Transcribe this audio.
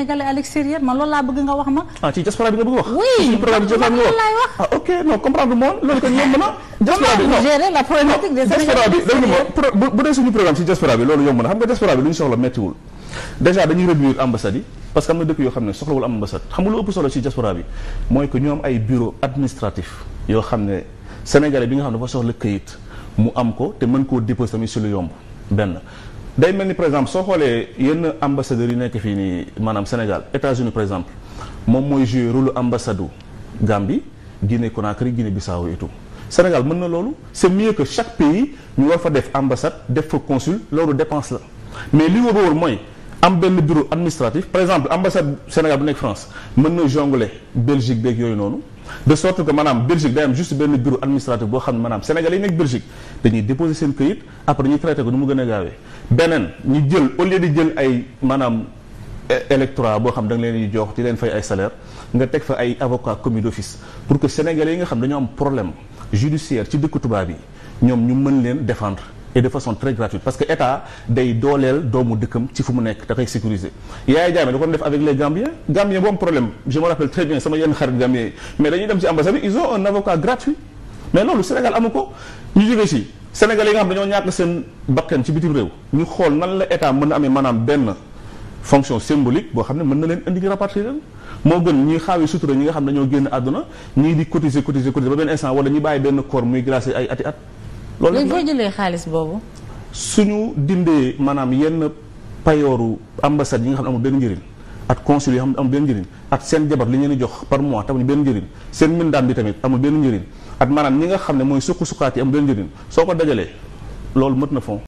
sénégalais à l'extérieur man loolu laa bëgg nga wax ma. ah ci diaspora bi nga bëgg wax. oui ci programme bi nga wax ah ok non comprendre moom loolu kon yomb na. na xam bi lu ñu soxla méttiwul déjà dañuy réduire ambassade yi parce que am na dëkk yoo xam ne soxlawul am ambassade xam nga lu ëpp solo ci diaspora bi mooy que ñoom ay bureau administratif yoo xam ne sénégalais bi nga xam ne dafa soxla këyit mu am ko te mën koo déposer tamit si lu yomb benn day mel ni par exemple soo xoolee yenn ambassadeurs yi nekk fii nii maanaam Sénégal États-Unis par exemple moom mooy jouer rôle ambassade Gambie Guinée Conakry Guinée Bissau et tout Sénégal mën na loolu c' est mieux que chaque pays ñu war fa def ambassade def fa consul loolu dépense la mais li war woon mooy am benn bureau administratif par exemple ambassade Sénégal bu nekk France mën na jongler Belgique beeg yooyu noonu. de sorte que manaam Belgique day am juste benn bureau administratif boo xam ne maanaam Sénégal yi nekk Belgique dañuy déposer seen këyit après ñu traité ko nu mu gën a gaawee beneen ñu jël au lieu de jël ay maanaam électorat boo xam da nga leen di jox di leen fay ay salaire nga teg fa ay avocat commis d'office pour que sénégalais yi nga xam dañoo am problème judiciaire ci dëkk tubaab yi ñoom ñu mën leen défendre et façon très gratuite parce que état day dooleel doomu dëkkam ci fu mu nekk da koy sécuriser Yaya da ko def avec les Gambiens Gambiens boo am problème je me rappelle très bien sama yenn xarit Gambiens mais dañuy dem ci ambassade ils ont un avocat gratuit mais loolu Sénégal amu ko ñu jógee si Sénégal yi nga xam dañoo ñàkk seen bakkan ci bitim réew ñu xool nan la état mën na amee maanaam benn fonction symbolique boo xam ne mën na leen indi rapatrier leen moo gën ñuy xaawi sutura ñi xam dañoo génn àdduna ñii di cotiser cotiser cotiser ñu bàyyi benn corps muy glacé ay at loolu léegi foo jëlee xaalis boobu. suñu dindee maanaam yenn payooru ambassade yi nga xam ne amul benn njëriñ ak consul yi nga xam ne amul benn njëriñ ak seen jabar li ngeen di jox par mois tamit benn njëriñ seen mindaan bi tamit amul benn njëriñ ak maanaam ñi nga xam ne mooy sukku sukkaat yi amul benn njëriñ soo ko dajalee loolu mët na fond